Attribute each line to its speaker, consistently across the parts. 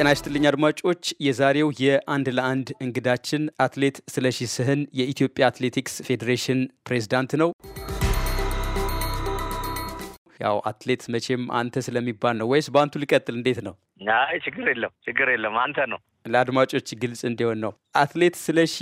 Speaker 1: ጤና ይስጥልኝ አድማጮች። የዛሬው የአንድ ለአንድ እንግዳችን አትሌት ስለሺ ስህን የኢትዮጵያ አትሌቲክስ ፌዴሬሽን ፕሬዝዳንት ነው። ያው አትሌት መቼም አንተ ስለሚባል ነው ወይስ በአንቱ ሊቀጥል? እንዴት ነው?
Speaker 2: አይ ችግር የለም ችግር የለም አንተ ነው።
Speaker 1: ለአድማጮች ግልጽ እንዲሆን ነው። አትሌት ስለሺ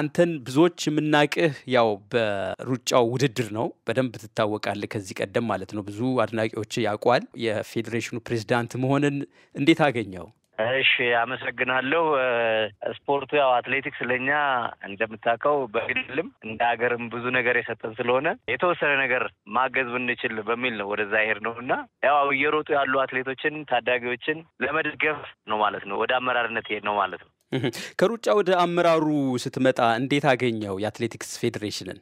Speaker 1: አንተን ብዙዎች የምናቅህ ያው በሩጫው ውድድር ነው። በደንብ ትታወቃለህ ከዚህ ቀደም ማለት ነው። ብዙ አድናቂዎች ያውቋል። የፌዴሬሽኑ ፕሬዝዳንት መሆንን እንዴት አገኘው?
Speaker 2: እሺ አመሰግናለሁ። ስፖርቱ ያው አትሌቲክስ ለእኛ እንደምታውቀው በግልም እንደ ሀገርም ብዙ ነገር የሰጠን ስለሆነ የተወሰነ ነገር ማገዝ ብንችል በሚል ነው ወደዛ ሄድ ነው እና ያው እየሮጡ ያሉ አትሌቶችን ታዳጊዎችን ለመደገፍ ነው ማለት ነው። ወደ አመራርነት ሄድ ነው ማለት ነው።
Speaker 1: ከሩጫ ወደ አመራሩ ስትመጣ እንዴት አገኘው የአትሌቲክስ ፌዴሬሽንን?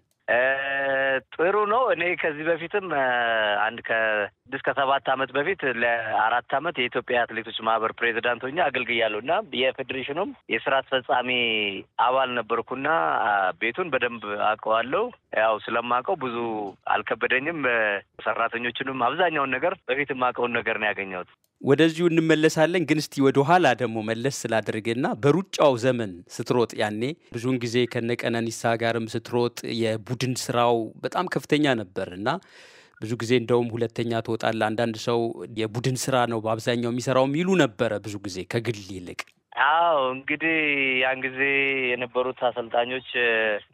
Speaker 2: ጥሩ ነው። እኔ ከዚህ በፊትም አንድ ከስድስት ከሰባት ዓመት በፊት ለአራት ዓመት የኢትዮጵያ አትሌቶች ማህበር ፕሬዚዳንት ሆኜ አገልግያለሁ እና የፌዴሬሽኑም የስራ አስፈጻሚ አባል ነበርኩና ቤቱን በደንብ አውቀዋለሁ። ያው ስለማውቀው ብዙ አልከበደኝም። ሰራተኞችንም አብዛኛውን ነገር በፊት የማውቀውን ነገር ነው ያገኘሁት።
Speaker 1: ወደዚሁ እንመለሳለን። ግን እስቲ ወደኋላ ደግሞ መለስ ስላደርግና በሩጫው ዘመን ስትሮጥ ያኔ ብዙውን ጊዜ ከነቀነኒሳ ጋርም ስትሮጥ የቡድን ስራው በጣም ከፍተኛ ነበር እና ብዙ ጊዜ እንደውም ሁለተኛ ትወጣለህ። አንዳንድ ሰው የቡድን ስራ ነው በአብዛኛው የሚሰራው የሚሉ ነበረ ብዙ ጊዜ ከግል ይልቅ
Speaker 2: አዎ እንግዲህ ያን ጊዜ የነበሩት አሰልጣኞች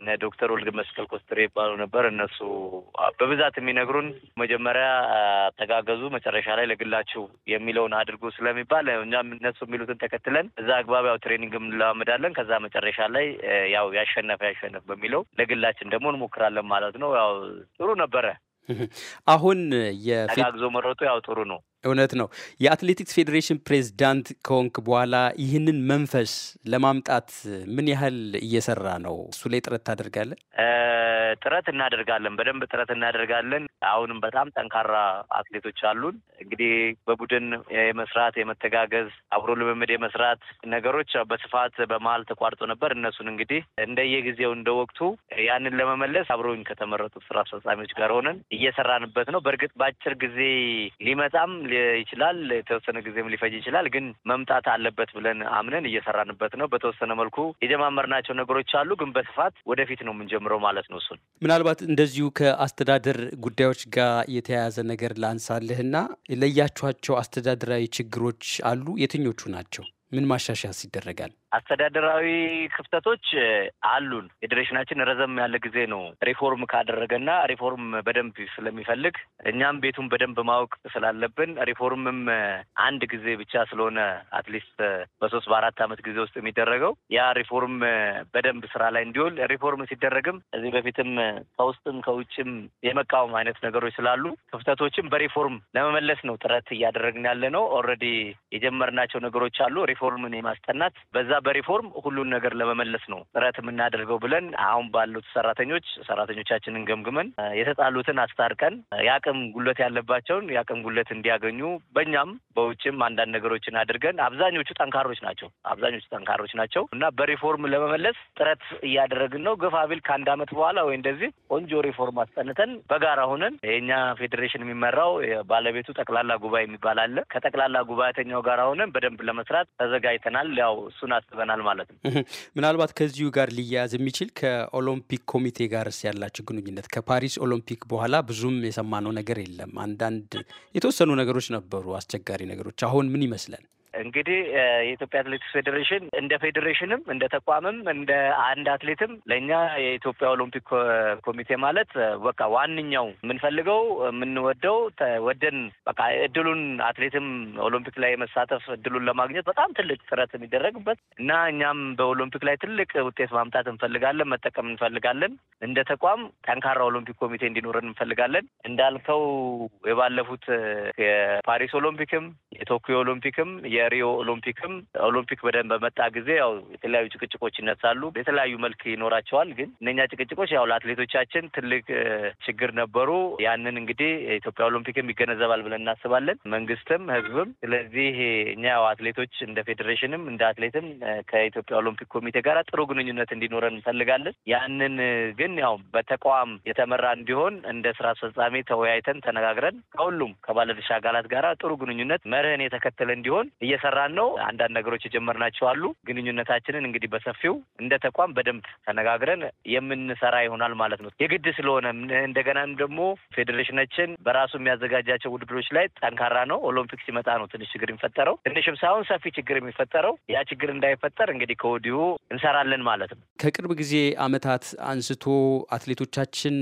Speaker 2: እነ ዶክተር ወልድ መስቀል ኮስትሬ ይባሉ ነበር። እነሱ በብዛት የሚነግሩን መጀመሪያ ተጋገዙ፣ መጨረሻ ላይ ለግላችሁ የሚለውን አድርጉ ስለሚባል እኛም እነሱ የሚሉትን ተከትለን እዛ አግባብ ያው ትሬኒንግ እንለማመዳለን። ከዛ መጨረሻ ላይ ያው ያሸነፈ ያሸነፍ በሚለው ለግላችን ደግሞ እንሞክራለን ማለት ነው። ያው ጥሩ ነበረ።
Speaker 1: አሁን ተጋግዞ
Speaker 2: መሮጡ ያው ጥሩ ነው።
Speaker 1: እውነት ነው። የአትሌቲክስ ፌዴሬሽን ፕሬዝዳንት ከሆንክ በኋላ ይህንን መንፈስ ለማምጣት ምን ያህል እየሰራ ነው? እሱ ላይ ጥረት ታደርጋለን?
Speaker 2: ጥረት እናደርጋለን፣ በደንብ ጥረት እናደርጋለን። አሁንም በጣም ጠንካራ አትሌቶች አሉን። እንግዲህ በቡድን የመስራት የመተጋገዝ፣ አብሮ ልምምድ የመስራት ነገሮች በስፋት በመሀል ተቋርጦ ነበር። እነሱን እንግዲህ እንደየጊዜው እንደ ወቅቱ ያንን ለመመለስ አብሮኝ ከተመረጡት ስራ አስፈጻሚዎች ጋር ሆነን እየሰራንበት ነው። በእርግጥ በአጭር ጊዜ ሊመጣም ይችላል፣ የተወሰነ ጊዜም ሊፈጅ ይችላል። ግን መምጣት አለበት ብለን አምነን እየሰራንበት ነው። በተወሰነ መልኩ የጀማመርናቸው ነገሮች አሉ፣ ግን በስፋት ወደፊት ነው የምንጀምረው ማለት ነው። እሱን
Speaker 1: ምናልባት እንደዚሁ ከአስተዳደር ጉዳዮች ጋር የተያያዘ ነገር ላንሳልህና ለያችኋቸው አስተዳደራዊ ችግሮች አሉ። የትኞቹ ናቸው? ምን ማሻሻያስ ይደረጋል?
Speaker 2: አስተዳደራዊ ክፍተቶች አሉን። ፌዴሬሽናችን ረዘም ያለ ጊዜ ነው ሪፎርም ካደረገና ሪፎርም በደንብ ስለሚፈልግ እኛም ቤቱን በደንብ ማወቅ ስላለብን ሪፎርምም አንድ ጊዜ ብቻ ስለሆነ አትሊስት በሶስት በአራት ዓመት ጊዜ ውስጥ የሚደረገው ያ ሪፎርም በደንብ ስራ ላይ እንዲውል ሪፎርም ሲደረግም ከዚህ በፊትም ከውስጥም ከውጭም የመቃወም አይነት ነገሮች ስላሉ ክፍተቶችም በሪፎርም ለመመለስ ነው ጥረት እያደረግን ያለ ነው። ኦልሬዲ የጀመርናቸው ነገሮች አሉ ሪፎርምን የማስጠናት በዛ በሪፎርም ሁሉን ነገር ለመመለስ ነው ጥረት የምናደርገው ብለን አሁን ባሉት ሰራተኞች ሰራተኞቻችንን ገምግመን የተጣሉትን አስታርቀን የአቅም ጉለት ያለባቸውን የአቅም ጉለት እንዲያገኙ በእኛም በውጭም አንዳንድ ነገሮችን አድርገን አብዛኞቹ ጠንካሮች ናቸው አብዛኞቹ ጠንካሮች ናቸው እና በሪፎርም ለመመለስ ጥረት እያደረግን ነው። ቢል ከአንድ አመት በኋላ ወይ እንደዚህ ቆንጆ ሪፎርም አስጠንተን በጋራ ሆነን የእኛ ፌዴሬሽን የሚመራው ባለቤቱ ጠቅላላ ጉባኤ የሚባል አለ ከጠቅላላ ጉባኤተኛው ጋር ሆነን በደንብ ለመስራት ተዘጋጅተናል። ያው እሱን አስበናል ማለት ነው።
Speaker 1: ምናልባት ከዚሁ ጋር ሊያያዝ የሚችል ከኦሎምፒክ ኮሚቴ ጋርስ ያላቸው ግንኙነት ከፓሪስ ኦሎምፒክ በኋላ ብዙም የሰማነው ነገር የለም። አንዳንድ የተወሰኑ ነገሮች ነበሩ፣ አስቸጋሪ ነገሮች። አሁን ምን ይመስላል?
Speaker 2: እንግዲህ የኢትዮጵያ አትሌቲክስ ፌዴሬሽን እንደ ፌዴሬሽንም እንደ ተቋምም እንደ አንድ አትሌትም ለእኛ የኢትዮጵያ ኦሎምፒክ ኮሚቴ ማለት በቃ ዋነኛው የምንፈልገው የምንወደው ወደን በቃ እድሉን አትሌትም ኦሎምፒክ ላይ መሳተፍ እድሉን ለማግኘት በጣም ትልቅ ጥረት የሚደረግበት እና እኛም በኦሎምፒክ ላይ ትልቅ ውጤት ማምጣት እንፈልጋለን፣ መጠቀም እንፈልጋለን። እንደ ተቋም ጠንካራ ኦሎምፒክ ኮሚቴ እንዲኖረን እንፈልጋለን። እንዳልከው የባለፉት የፓሪስ ኦሎምፒክም የቶኪዮ ኦሎምፒክም የሪዮ ኦሎምፒክም ኦሎምፒክ በደንብ በመጣ ጊዜ ያው የተለያዩ ጭቅጭቆች ይነሳሉ፣ የተለያዩ መልክ ይኖራቸዋል። ግን እነኛ ጭቅጭቆች ያው ለአትሌቶቻችን ትልቅ ችግር ነበሩ። ያንን እንግዲህ ኢትዮጵያ ኦሎምፒክም ይገነዘባል ብለን እናስባለን፣ መንግስትም ህዝብም። ስለዚህ እኛ ያው አትሌቶች እንደ ፌዴሬሽንም እንደ አትሌትም ከኢትዮጵያ ኦሎምፒክ ኮሚቴ ጋር ጥሩ ግንኙነት እንዲኖረን እንፈልጋለን። ያንን ግን ያው በተቋም የተመራ እንዲሆን እንደ ስራ አስፈጻሚ ተወያይተን ተነጋግረን ከሁሉም ከባለድርሻ አካላት ጋር ጥሩ ግንኙነት መርህን የተከተለ እንዲሆን እየ እየሰራን ነው። አንዳንድ ነገሮች የጀመርናቸው አሉ። ግንኙነታችንን እንግዲህ በሰፊው እንደ ተቋም በደንብ ተነጋግረን የምንሰራ ይሆናል ማለት ነው። የግድ ስለሆነ እንደገናም ደግሞ ፌዴሬሽናችን በራሱ የሚያዘጋጃቸው ውድድሮች ላይ ጠንካራ ነው። ኦሎምፒክ ሲመጣ ነው ትንሽ ችግር የሚፈጠረው፣ ትንሽም ሳይሆን ሰፊ ችግር የሚፈጠረው። ያ ችግር እንዳይፈጠር እንግዲህ ከወዲሁ እንሰራለን ማለት ነው።
Speaker 1: ከቅርብ ጊዜ አመታት አንስቶ አትሌቶቻችን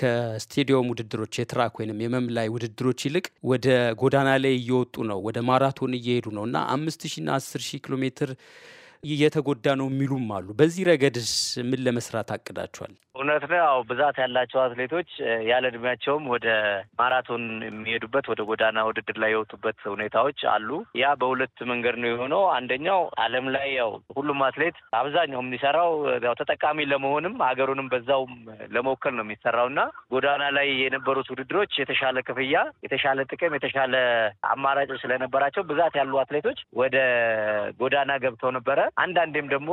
Speaker 1: ከስቴዲየም ውድድሮች የትራክ ወይም የመምላይ ውድድሮች ይልቅ ወደ ጎዳና ላይ እየወጡ ነው፣ ወደ ማራቶን እየሄዱ ነው እና አምስት ና አስር ሺ ኪሎ ሜትር እየተጎዳ ነው የሚሉም አሉ። በዚህ ረገድስ ምን ለመስራት አቅዳቸዋል?
Speaker 2: እውነት ነው። ያው ብዛት ያላቸው አትሌቶች ያለ እድሜያቸውም ወደ ማራቶን የሚሄዱበት ወደ ጎዳና ውድድር ላይ የወጡበት ሁኔታዎች አሉ። ያ በሁለት መንገድ ነው የሆነው። አንደኛው ዓለም ላይ ያው ሁሉም አትሌት አብዛኛው የሚሰራው ያው ተጠቃሚ ለመሆንም ሀገሩንም በዛውም ለመወከል ነው የሚሰራው እና ጎዳና ላይ የነበሩት ውድድሮች የተሻለ ክፍያ፣ የተሻለ ጥቅም፣ የተሻለ አማራጮች ስለነበራቸው ብዛት ያሉ አትሌቶች ወደ ጎዳና ገብተው ነበረ። አንዳንዴም ደግሞ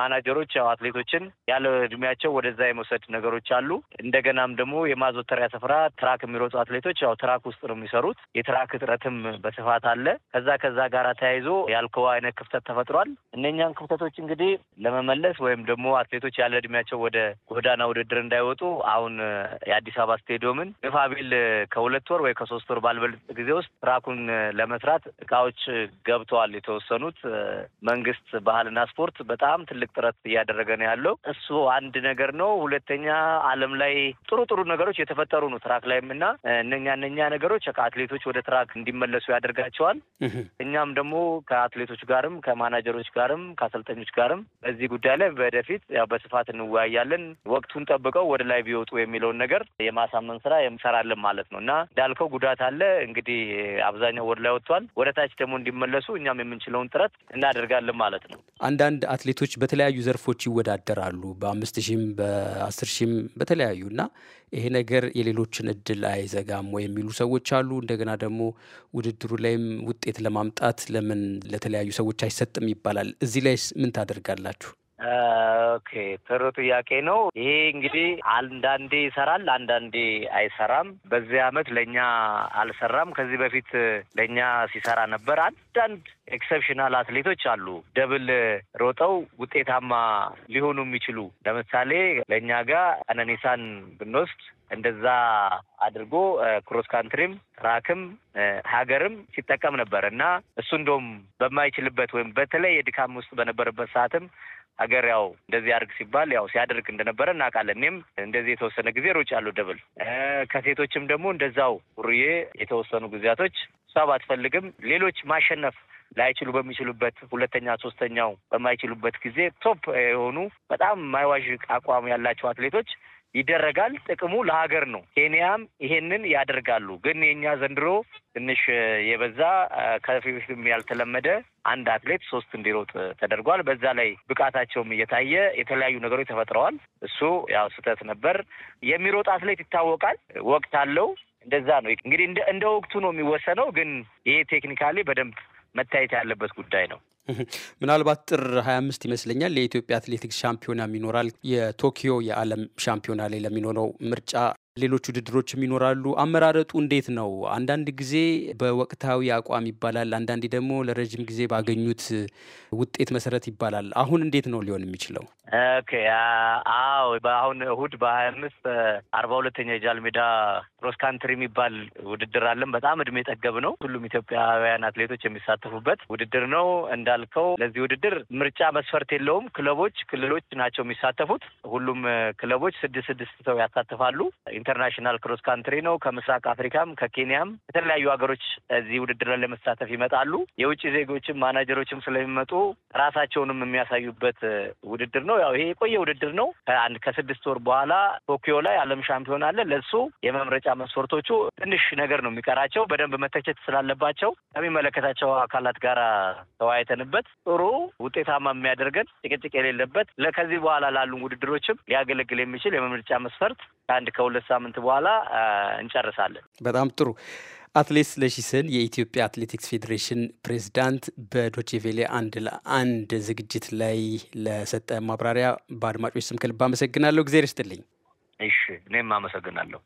Speaker 2: ማናጀሮች ያው አትሌቶችን ያለ እድሜያቸው ወደዛ የመውሰድ ነገሮች አሉ። እንደገናም ደግሞ የማዘወተሪያ ስፍራ ትራክ የሚሮጡ አትሌቶች ያው ትራክ ውስጥ ነው የሚሰሩት። የትራክ እጥረትም በስፋት አለ። ከዛ ከዛ ጋር ተያይዞ ያልከው አይነት ክፍተት ተፈጥሯል። እነኛን ክፍተቶች እንግዲህ ለመመለስ ወይም ደግሞ አትሌቶች ያለ እድሜያቸው ወደ ጎዳና ውድድር እንዳይወጡ አሁን የአዲስ አበባ ስቴዲየምን ግፋ ከሁለት ወር ወይ ከሶስት ወር ባልበልጥ ጊዜ ውስጥ ትራኩን ለመስራት እቃዎች ገብተዋል። የተወሰኑት መንግስት ባህልና ስፖርት በጣም ትልቅ ጥረት እያደረገ ነው ያለው። እሱ አንድ ነገር ነው። ሁለተኛ ዓለም ላይ ጥሩ ጥሩ ነገሮች የተፈጠሩ ነው ትራክ ላይም እና እነኛ እነኛ ነገሮች ከአትሌቶች ወደ ትራክ እንዲመለሱ ያደርጋቸዋል። እኛም ደግሞ ከአትሌቶች ጋርም ከማናጀሮች ጋርም ከአሰልጠኞች ጋርም በዚህ ጉዳይ ላይ ወደፊት በስፋት እንወያያለን። ወቅቱን ጠብቀው ወደ ላይ ቢወጡ የሚለውን ነገር የማሳመን ስራ እንሰራለን ማለት ነው እና እንዳልከው ጉዳት አለ እንግዲህ አብዛኛው ወደ ላይ ወጥቷል። ወደ ታች ደግሞ እንዲመለሱ እኛም የምንችለውን ጥረት እናደርጋለን ማለት ነው።
Speaker 1: አንዳንድ አትሌቶች በተለያዩ ዘርፎች ይወዳደራሉ በአምስት ሺህም አስር ሺህም በተለያዩ እና ይሄ ነገር የሌሎችን እድል አይዘጋም ወይ የሚሉ ሰዎች አሉ። እንደገና ደግሞ ውድድሩ ላይም ውጤት ለማምጣት ለምን ለተለያዩ ሰዎች አይሰጥም ይባላል። እዚህ ላይ ምን ታደርጋላችሁ?
Speaker 2: ኦኬ ጥሩ ጥያቄ ነው። ይሄ እንግዲህ አንዳንዴ ይሰራል፣ አንዳንዴ አይሰራም። በዚህ አመት ለእኛ አልሰራም። ከዚህ በፊት ለእኛ ሲሰራ ነበር። አንዳንድ ኤክሰፕሽናል አትሌቶች አሉ፣ ደብል ሮጠው ውጤታማ ሊሆኑ የሚችሉ ለምሳሌ ለእኛ ጋር አነኒሳን ብንወስድ እንደዛ አድርጎ ክሮስ ካንትሪም ትራክም ሀገርም ሲጠቀም ነበር እና እሱ እንደውም በማይችልበት ወይም በተለይ የድካም ውስጥ በነበረበት ሰዓትም ሀገር ያው እንደዚህ አድርግ ሲባል ያው ሲያደርግ እንደነበረ እናውቃለን። እኔም እንደዚህ የተወሰነ ጊዜ ሮጭ አሉ ደብል ከሴቶችም ደግሞ እንደዛው ሩዬ የተወሰኑ ጊዜያቶች እሷ ባትፈልግም ሌሎች ማሸነፍ ላይችሉ በሚችሉበት ሁለተኛ ሶስተኛው በማይችሉበት ጊዜ ቶፕ የሆኑ በጣም ማይዋዥ አቋም ያላቸው አትሌቶች ይደረጋል። ጥቅሙ ለሀገር ነው። ኬንያም ይሄንን ያደርጋሉ። ግን የእኛ ዘንድሮ ትንሽ የበዛ ከፊትም ያልተለመደ አንድ አትሌት ሶስት እንዲሮጥ ተደርጓል። በዛ ላይ ብቃታቸውም እየታየ የተለያዩ ነገሮች ተፈጥረዋል። እሱ ያው ስህተት ነበር። የሚሮጥ አትሌት ይታወቃል። ወቅት አለው። እንደዛ ነው እንግዲህ እንደ ወቅቱ ነው የሚወሰነው። ግን ይሄ ቴክኒካሊ በደንብ መታየት ያለበት ጉዳይ ነው።
Speaker 1: ምናልባት ጥር 25 ይመስለኛል የኢትዮጵያ አትሌቲክስ ሻምፒዮናም ይኖራል። የቶኪዮ የዓለም ሻምፒዮና ላይ ለሚኖረው ምርጫ ሌሎች ውድድሮችም ይኖራሉ። አመራረጡ እንዴት ነው? አንዳንድ ጊዜ በወቅታዊ አቋም ይባላል፣ አንዳንዴ ደግሞ ለረዥም ጊዜ ባገኙት ውጤት መሰረት ይባላል። አሁን እንዴት ነው ሊሆን የሚችለው?
Speaker 2: አዎ በአሁን እሁድ በሀያ አምስት አርባ ሁለተኛ የጃል ሜዳ ክሮስ ካንትሪ የሚባል ውድድር አለን። በጣም እድሜ ጠገብ ነው። ሁሉም ኢትዮጵያውያን አትሌቶች የሚሳተፉበት ውድድር ነው። እንዳልከው ለዚህ ውድድር ምርጫ መስፈርት የለውም። ክለቦች፣ ክልሎች ናቸው የሚሳተፉት። ሁሉም ክለቦች ስድስት ስድስት ሰው ያሳተፋሉ። ኢንተርናሽናል ክሮስ ካንትሪ ነው። ከምስራቅ አፍሪካም ከኬንያም የተለያዩ ሀገሮች እዚህ ውድድር ላይ ለመሳተፍ ይመጣሉ። የውጭ ዜጎችም ማናጀሮችም ስለሚመጡ ራሳቸውንም የሚያሳዩበት ውድድር ነው። ያው ይሄ የቆየ ውድድር ነው። ከአንድ ከስድስት ወር በኋላ ቶኪዮ ላይ ዓለም ሻምፒዮን አለ። ለሱ የመምረጫ መስፈርቶቹ ትንሽ ነገር ነው የሚቀራቸው። በደንብ መተቸት ስላለባቸው ከሚመለከታቸው አካላት ጋር ተወያይተንበት ጥሩ ውጤታማ የሚያደርገን ጭቅጭቅ የሌለበት ለከዚህ በኋላ ላሉ ውድድሮችም ሊያገለግል የሚችል የመምረጫ መስፈርት ከአንድ ከሁለት ሳምንት በኋላ እንጨርሳለን።
Speaker 1: በጣም ጥሩ። አትሌት ስለሺ ስህን የኢትዮጵያ አትሌቲክስ ፌዴሬሽን ፕሬዚዳንት በዶቼ አንድ ለአንድ ዝግጅት ላይ ለሰጠ ማብራሪያ በአድማጮች ስም ከልብ አመሰግናለሁ። እግዜር ይስጥልኝ።
Speaker 2: እሺ፣ እኔም አመሰግናለሁ።